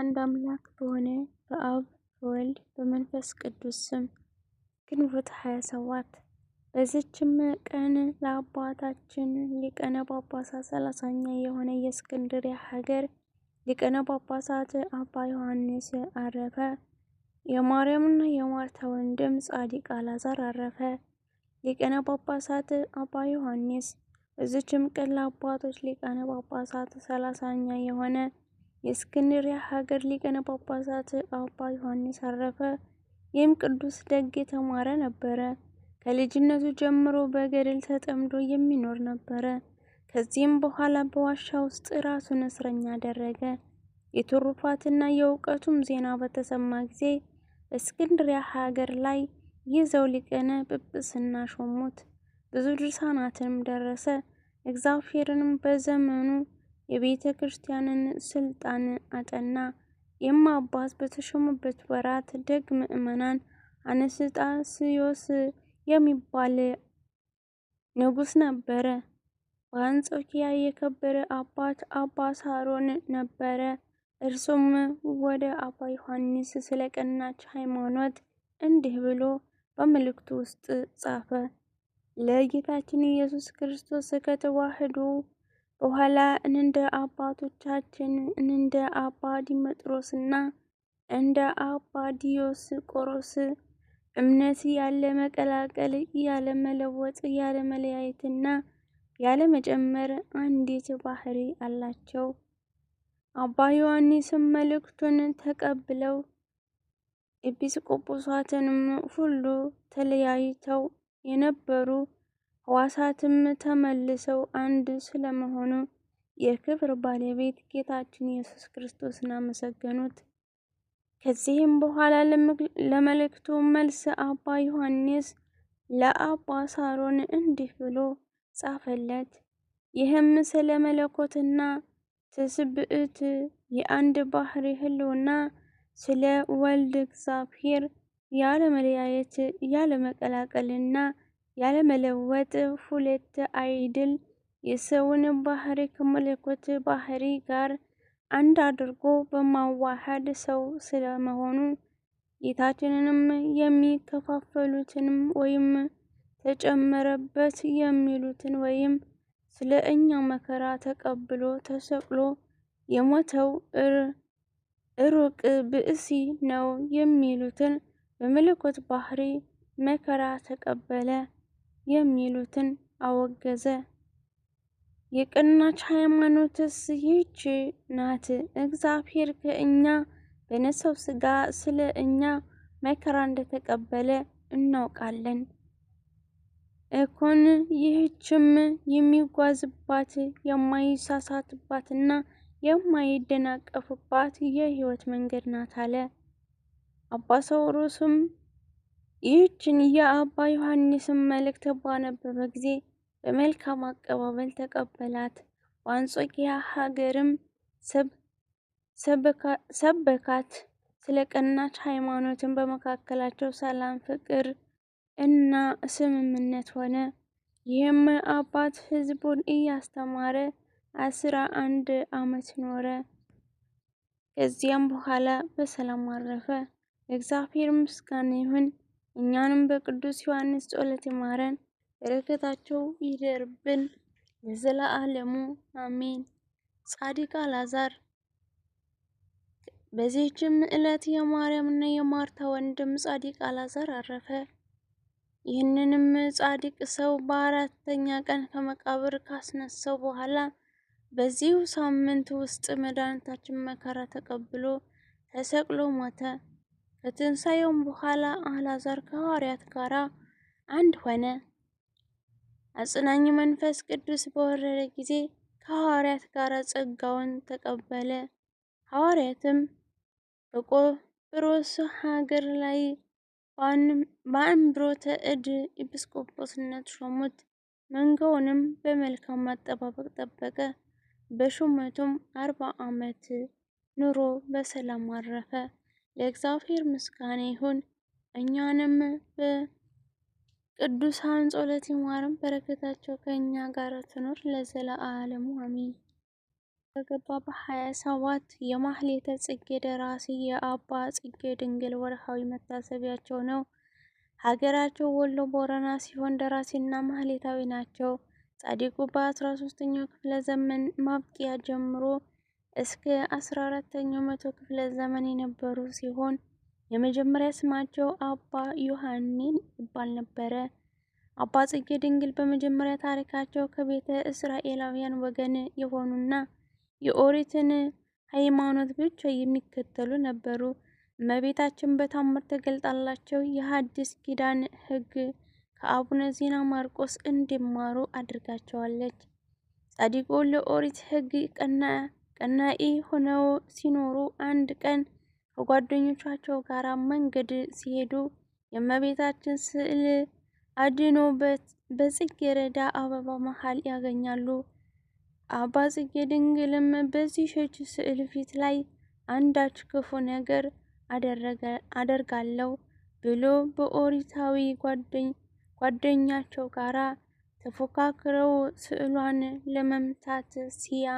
አንድ አምላክ በሆነ በአብ በወልድ በመንፈስ ቅዱስ ስም ግንቦት 27 በዚችም ቀን ለአባታችን ሊቀነ ጳጳሳት ሰላሳኛ የሆነ የእስክንድርያ ሀገር ሊቀነ ጳጳሳት አባ ዮሐንስ አረፈ። የማርያምና የማርታ ወንድም ጻድቅ አላዛር አረፈ። ሊቀነ ጳጳሳት አባ ዮሐንስ በዚችም ቀን ለአባቶች ሊቀነ ጳጳሳት ሰላሳኛ የሆነ የእስክንድርያ ሀገር ሊቀነ ጳጳሳት አባ ዮሐንስ አረፈ። ይህም ቅዱስ ደግ የተማረ ነበረ። ከልጅነቱ ጀምሮ በገድል ተጠምዶ የሚኖር ነበረ። ከዚህም በኋላ በዋሻ ውስጥ ራሱን እስረኛ አደረገ። የትሩፋትና የእውቀቱም ዜና በተሰማ ጊዜ እስክንድሪያ ሀገር ላይ ይዘው ሊቀነ ጵጵስና ሾሙት። ብዙ ድርሳናትንም ደረሰ። እግዚአብሔርንም በዘመኑ የቤተ ክርስቲያንን ስልጣን አጠና። አባት በተሾሙበት ወራት ደግ ምዕመናን አነስጣስዮስ የሚባል ንጉስ ነበረ። በአንጾኪያ የከበረ አባት አባ ሳሮን ነበረ። እርሱም ወደ አባ ዮሐንስ ስለ ቀናች ሃይማኖት እንዲህ ብሎ በመልእክቱ ውስጥ ጻፈ። ለጌታችን ኢየሱስ ክርስቶስ ከተዋህዶ በኋላ እንደ አባቶቻችን እንደ አባ ዲሜጥሮስና እንደ አባ ዲዮስቆሮስ እምነት ያለ መቀላቀል ያለ መለወጥ ያለ መለያየትና ያለ መጨመር አንዲት ባህሪ አላቸው። አባ ዮሐንስም መልእክቱን ተቀብለው ኤጲስቆጶሳትንም ሁሉ ተለያይተው የነበሩ ሕዋሳትም ተመልሰው አንድ ስለመሆኑ የክብር ባለቤት ጌታችን ኢየሱስ ክርስቶስን አመሰገኑት። ከዚህም በኋላ ለመልእክቱ መልስ አባ ዮሐንስ ለአባ ሳሮን እንዲህ ብሎ ጻፈለት። ይህም ስለ መለኮትና ትስብእት የአንድ ባህሪ ህልውና ስለ ወልድ እግዚአብሔር ያለመለያየት ያለመቀላቀልና ያለመለወጥ ሁለት አይድል የሰውን ባህሪ ከመለኮት ባህሪ ጋር አንድ አድርጎ በማዋሃድ ሰው ስለመሆኑ ጌታችንንም የሚከፋፈሉትንም ወይም ተጨመረበት የሚሉትን ወይም ስለ እኛ መከራ ተቀብሎ ተሰቅሎ የሞተው እሩቅ ብእሲ ነው የሚሉትን በመለኮት ባህሪ መከራ ተቀበለ። የሚሉትን አወገዘ። የቀናች ሃይማኖትስ ይህች ናት። እግዚአብሔር ከእኛ በነሳው ስጋ ስለ እኛ መከራ እንደተቀበለ እናውቃለን። እኮን ይህችም የሚጓዝባት የማይሳሳትባትና የማይደናቀፍባት የህይወት መንገድ ናት አለ። አባ ሳዊሮስም ይህችን የአባ ዮሐንስን መልእክት ባነበበ ጊዜ በመልካም አቀባበል ተቀበላት። በአንጾኪያ ሀገርም ሰበካት። ስለ ቀናች ሃይማኖትን በመካከላቸው ሰላም፣ ፍቅር እና ስምምነት ሆነ። ይህም አባት ህዝቡን እያስተማረ አስራ አንድ ዓመት ኖረ። ከዚያም በኋላ በሰላም አረፈ። እግዚአብሔር ምስጋና ይሁን። እኛንም በቅዱስ ዮሐንስ ጸሎት ይማረን፣ በረከታቸው ይደርብን ለዘላለሙ አሜን። ጻድቅ አልዓዛር በዚህችም ዕለት የማርያምና የማርታ ወንድም ጻድቅ አልዓዛር አረፈ። ይህንንም ጻድቅ ሰው በአራተኛ ቀን ከመቃብር ካስነሳው በኋላ በዚሁ ሳምንት ውስጥ መድኃኒታችን መከራ ተቀብሎ ተሰቅሎ ሞተ። ከትንሣኤውም በኋላ አልዓዛር ከሐዋርያት ጋር አንድ ሆነ። አጽናኝ መንፈስ ቅዱስ በወረደ ጊዜ ከሐዋርያት ጋር ጸጋውን ተቀበለ። ሐዋርያትም በቆጵሮስ ሀገር ላይ በአንብሮተ እድ ኤጲስቆጶስነት ሾሙት። መንጋውንም በመልካም አጠባበቅ ጠበቀ። በሹመቱም አርባ ዓመት ኑሮ በሰላም አረፈ። ለእግዚአብሔር ምስጋና ይሁን። እኛንም በቅዱሳን ጸሎት ይማረን፣ በረከታቸው ከእኛ ጋር ትኖር ለዘለዓለሙ አሜን። በገባ በሀያ ሰባት የማህሌተ ጽጌ ደራሲ የአባ ጽጌ ድንግል ወርሃዊ መታሰቢያቸው ነው። ሀገራቸው ወሎ ቦረና ሲሆን ደራሲና ማህሌታዊ ናቸው። ጻድቁ በ13ኛው ክፍለ ዘመን ማብቂያ ጀምሮ እስከ 14ኛው መቶ ክፍለ ዘመን የነበሩ ሲሆን የመጀመሪያ ስማቸው አባ ዮሐኒን ይባል ነበረ። አባ ጽጌ ድንግል በመጀመሪያ ታሪካቸው ከቤተ እስራኤላውያን ወገን የሆኑና የኦሪትን ሃይማኖት ብቻ የሚከተሉ ነበሩ። እመቤታችን በታምር ተገልጣላቸው የሐዲስ ኪዳን ሕግ ከአቡነ ዜና ማርቆስ እንዲማሩ አድርጋቸዋለች። ጻድቁ ለኦሪት ሕግ ቀና ቀናኢ ሆነው ሲኖሩ አንድ ቀን ከጓደኞቻቸው ጋር መንገድ ሲሄዱ የእመቤታችን ስዕል አድኖ በጽጌረዳ አበባ መሃል ያገኛሉ። አባ ጽጌ ድንግልም በዚህ ሸች ስዕል ፊት ላይ አንዳች ክፉ ነገር አደርጋለሁ ብሎ በኦሪታዊ ጓደኛቸው ጋራ ተፎካክረው ስዕሏን ለመምታት ሲያ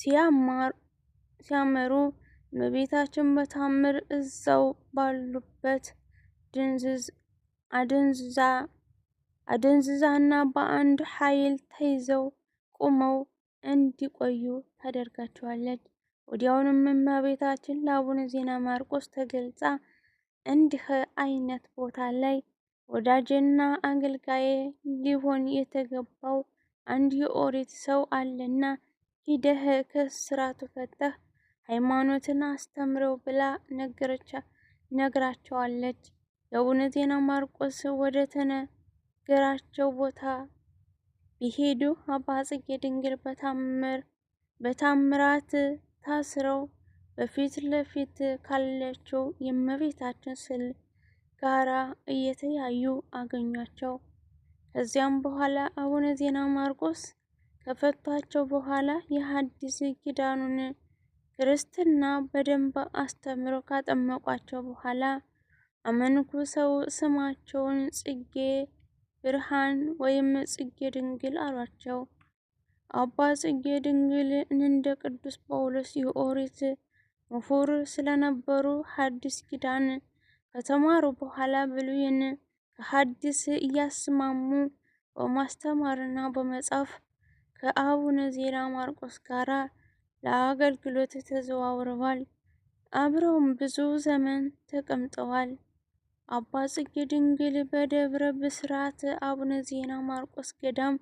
ሲያመሩ እመቤታችን በታምር እዛው ባሉበት አደንዝዛና በአንድ ኃይል ተይዘው ቆመው እንዲቆዩ ታደርጋቸዋለች። ወዲያውንም እመቤታችን ለአቡነ ዜና ማርቆስ ተገልጻ እንዲህ አይነት ቦታ ላይ ወዳጅና አገልጋዬ ሊሆን የተገባው አንድ የኦሪት ሰው አለና ሂደህ ከስራቱ ፈተህ ሃይማኖትን አስተምረው ብላ ነግራቸዋለች። የአቡነ ዜና ማርቆስ ወደ ተነገራቸው ቦታ ቢሄዱ አባ ጽጌ ድንግል በታምራት ታስረው በፊት ለፊት ካለችው የእመቤታችን ስል ጋራ እየተያዩ አገኟቸው። ከዚያም በኋላ አቡነ ዜና ማርቆስ ከፈቷቸው በኋላ የሐዲስ ኪዳኑን ክርስትና በደንብ አስተምሮ ካጠመቋቸው በኋላ አመንኩ ሰው ስማቸውን ጽጌ ብርሃን ወይም ጽጌ ድንግል አሏቸው። አባ ጽጌ ድንግል እንደ ቅዱስ ጳውሎስ የኦሪት ምሁር ስለነበሩ ሐዲስ ኪዳን ከተማሩ በኋላ ብሉይን ከሐዲስ እያስማሙ በማስተማርና በመጻፍ ከአቡነ ዜና ማርቆስ ጋር ለአገልግሎት ተዘዋውረዋል። አብረውም ብዙ ዘመን ተቀምጠዋል። አባ ጽጌ ድንግል በደብረ ብስራት አቡነ ዜና ማርቆስ ገዳም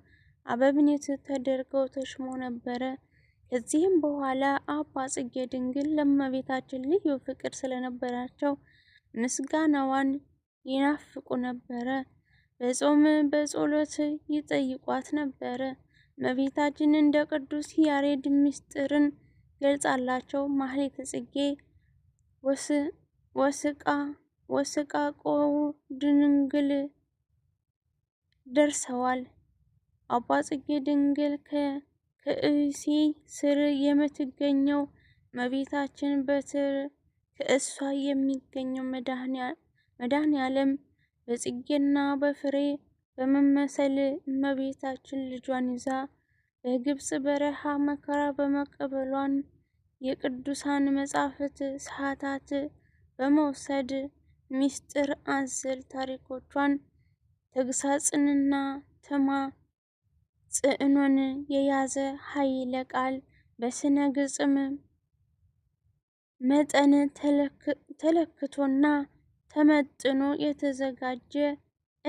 አበምኔት ተደርገው ተሽሞ ነበረ። ከዚህም በኋላ አባ ጽጌ ድንግል ለእመቤታችን ልዩ ፍቅር ስለነበራቸው ምስጋናዋን ይናፍቁ ነበረ። በጾም በጸሎት ይጠይቋት ነበረ። እመቤታችን እንደ ቅዱስ ያሬድ ምስጢርን ገልጻላቸው። ማህሌተ ጽጌ ወስቃ ቆው ድንግል ደርሰዋል። አባ ጽጌ ድንግል ከእሴ ስር የምትገኘው እመቤታችን በትር ከእሷ የሚገኘው መድኃኔ ዓለም በጽጌና በፍሬ በመመሰል እመቤታችን ልጇን ይዛ በግብፅ በረሃ መከራ በመቀበሏን የቅዱሳን መጻሕፍት ሰዓታት በመውሰድ ምስጢር አዘል ታሪኮቿን ተግሳጽንና ተማጽዕኖን የያዘ ኃይለ ቃል በስነ ግጽም መጠን ተለክቶና ተመጥኖ የተዘጋጀ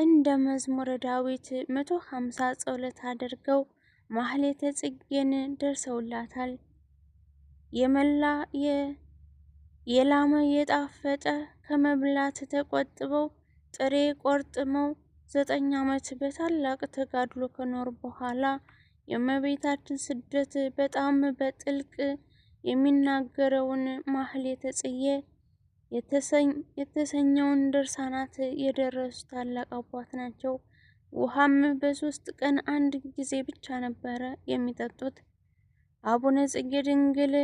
እንደ መዝሙረ ዳዊት 150 ጸሎት አድርገው ማህሌተ ጽጌን ደርሰውላታል። የመላ የላመ የጣፈጠ ከመብላት ተቆጥበው ጥሬ ቆርጥመው ዘጠኝ ዓመት በታላቅ ተጋድሎ ከኖር በኋላ የእመቤታችን ስደት በጣም በጥልቅ የሚናገረውን ማህሌተ ጽጌ የተሰኘውን ድርሳናት የደረሱ ታላቅ አባት ናቸው። ውሃም በሶስት ቀን አንድ ጊዜ ብቻ ነበረ የሚጠጡት። አቡነ ጽጌ ድንግል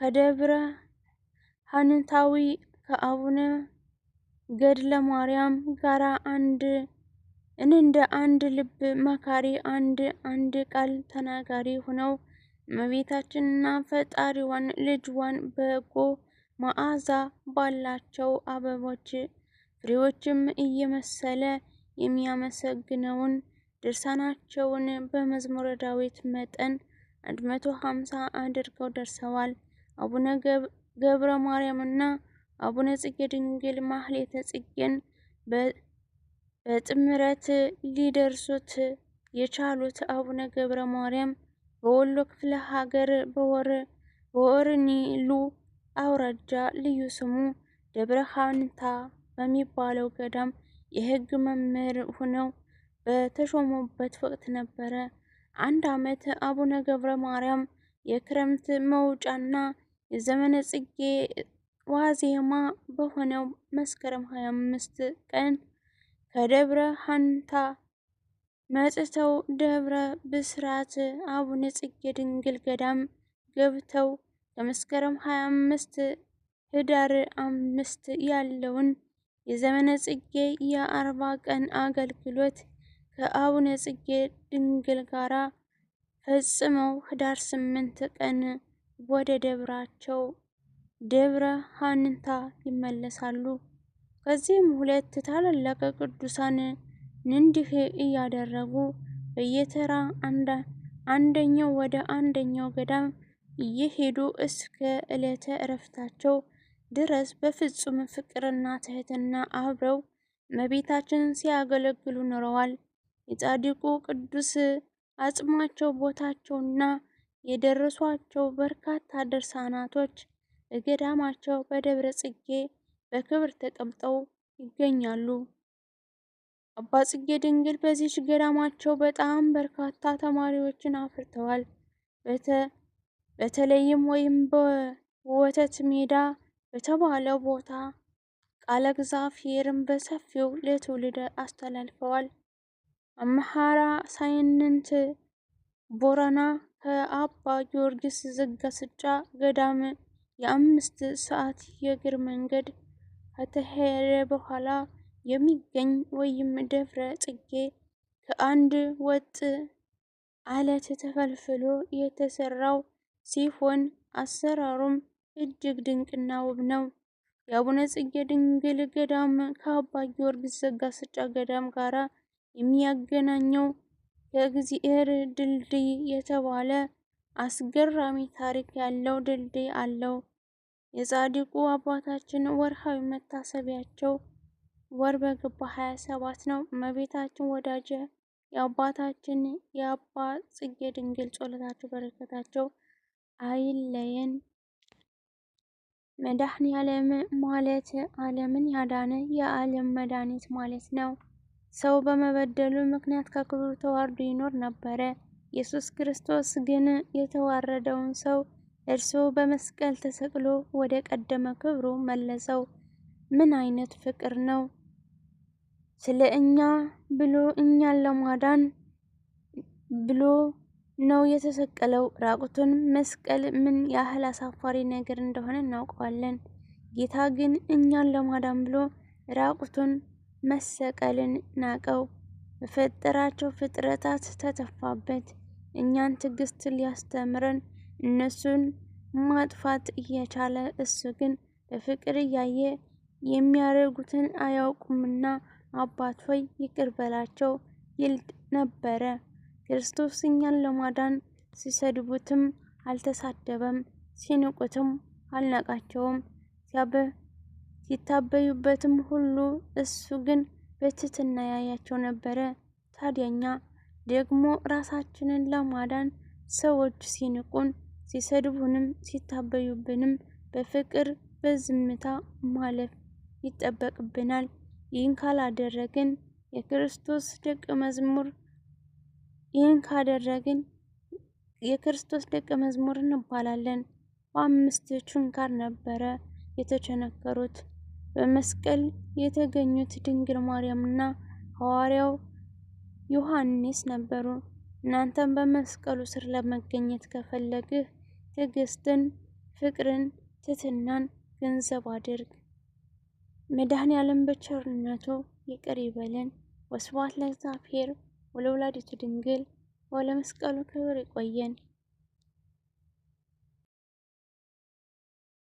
ከደብረ ሀንታዊ ከአቡነ ገድለ ማርያም ጋር አንድ እንደ አንድ ልብ መካሪ አንድ አንድ ቃል ተናጋሪ ሆነው እመቤታችንና ፈጣሪዋን ልጅዋን በጎ መዓዛ ባላቸው አበቦች ፍሬዎችም እየመሰለ የሚያመሰግነውን ድርሳናቸውን በመዝሙረ ዳዊት መጠን 150 አድርገው ደርሰዋል። አቡነ ገብረ ማርያምና አቡነ ጽጌ ድንግል ማህሌተ ጽጌን በጥምረት ሊደርሱት የቻሉት አቡነ ገብረ ማርያም በወሎ ክፍለ ሀገር በወር በወርኒሉ አውራጃ ልዩ ስሙ ደብረ ሀንታ በሚባለው ገዳም የህግ መምህር ሆነው በተሾሙበት ወቅት ነበረ። አንድ ዓመት አቡነ ገብረ ማርያም የክረምት መውጫና የዘመነ ጽጌ ዋዜማ በሆነው መስከረም 25 ቀን ከደብረ ሀንታ መጥተው ደብረ ብስራት አቡነ ጽጌ ድንግል ገዳም ገብተው በመስከረም 25 ህዳር አምስት ያለውን የዘመነ ጽጌ የአርባ ቀን አገልግሎት ከአቡነ ጽጌ ድንግል ጋራ ፈጽመው ህዳር ስምንት ቀን ወደ ደብራቸው ደብረ ሀንታ ይመለሳሉ። ከዚህም ሁለት ታላላቅ ቅዱሳን እንዲህ እያደረጉ በየተራ አንደኛው ወደ አንደኛው ገዳም እየሄዱ እስከ ዕለተ እረፍታቸው ድረስ በፍጹም ፍቅርና ትህትና አብረው እመቤታችንን ሲያገለግሉ ኖረዋል። የጻድቁ ቅዱስ አጽማቸው ቦታቸውና የደረሷቸው በርካታ ድርሳናቶች በገዳማቸው በደብረ ጽጌ በክብር ተቀምጠው ይገኛሉ። አባ ጽጌ ድንግል በዚች ገዳማቸው በጣም በርካታ ተማሪዎችን አፍርተዋል። በተለይም ወይም በወተት ሜዳ በተባለው ቦታ ቃለ እግዚአብሔርን በሰፊው ለትውልድ አስተላልፈዋል። አምሃራ ሳይንት ቦረና ከአባ ጊዮርጊስ ዘጋስጫ ገዳም የአምስት ሰዓት የእግር መንገድ ከተሄደ በኋላ የሚገኝ ወይም ደብረ ጽጌ ከአንድ ወጥ አለት ተፈልፍሎ የተሰራው ሲሆን አሰራሩም እጅግ ድንቅና ውብ ነው። የአቡነ ጽጌ ድንግል ገዳም ከአባ ጊዮርጊስ ዘጋስጫ ገዳም ጋር የሚያገናኘው የእግዚአብሔር ድልድይ የተባለ አስገራሚ ታሪክ ያለው ድልድይ አለው። የጻድቁ አባታችን ወርሃዊ መታሰቢያቸው ወር በገባ 27 ነው። እመቤታችን ወዳጀ የአባታችን የአባ ጽጌ ድንግል ጸሎታቸው በረከታቸው አይለየን። መድኃኔ ዓለም ማለት ዓለምን ያዳነ የዓለም መድኃኒት ማለት ነው። ሰው በመበደሉ ምክንያት ከክብሩ ተዋርዶ ይኖር ነበረ። ኢየሱስ ክርስቶስ ግን የተዋረደውን ሰው እርሱ በመስቀል ተሰቅሎ ወደ ቀደመ ክብሩ መለሰው። ምን አይነት ፍቅር ነው! ስለ እኛ ብሎ እኛን ለማዳን ብሎ ነው የተሰቀለው። ራቁቱን መስቀል ምን ያህል አሳፋሪ ነገር እንደሆነ እናውቀዋለን። ጌታ ግን እኛን ለማዳን ብሎ ራቁቱን መሰቀልን ናቀው። በፈጠራቸው ፍጥረታት ተተፋበት። እኛን ትዕግስት ሊያስተምረን እነሱን ማጥፋት እየቻለ እሱ ግን በፍቅር እያየ የሚያደርጉትን አያውቁምና አባት ሆይ ይቅር በላቸው ይልድ ነበረ። ክርስቶስ እኛን ለማዳን ሲሰድቡትም አልተሳደበም፣ ሲንቁትም አልናቃቸውም፣ ሲታበዩበትም ሁሉ እሱ ግን በትህትና ያያቸው ነበረ። ታዲያኛ ደግሞ ራሳችንን ለማዳን ሰዎች ሲንቁን፣ ሲሰድቡንም፣ ሲታበዩብንም በፍቅር በዝምታ ማለፍ ይጠበቅብናል። ይህን ካላደረግን የክርስቶስ ደቀ መዝሙር ይህን ካደረግን የክርስቶስ ደቀ መዝሙር እንባላለን። በአምስት ችንካር ነበረ የተቸነከሩት። በመስቀል የተገኙት ድንግል ማርያምና ሐዋርያው ዮሐንስ ነበሩ። እናንተም በመስቀሉ ስር ለመገኘት ከፈለግህ ትዕግስትን፣ ፍቅርን፣ ትትናን ገንዘብ አድርግ። መድኃኔ ዓለም በቸርነቱ ይቅር ይበለን። ወስብሐት ለእግዚአብሔር። ወለወላዲቱ ድንግል ወለመስቀሉ ክብር ይቆየን።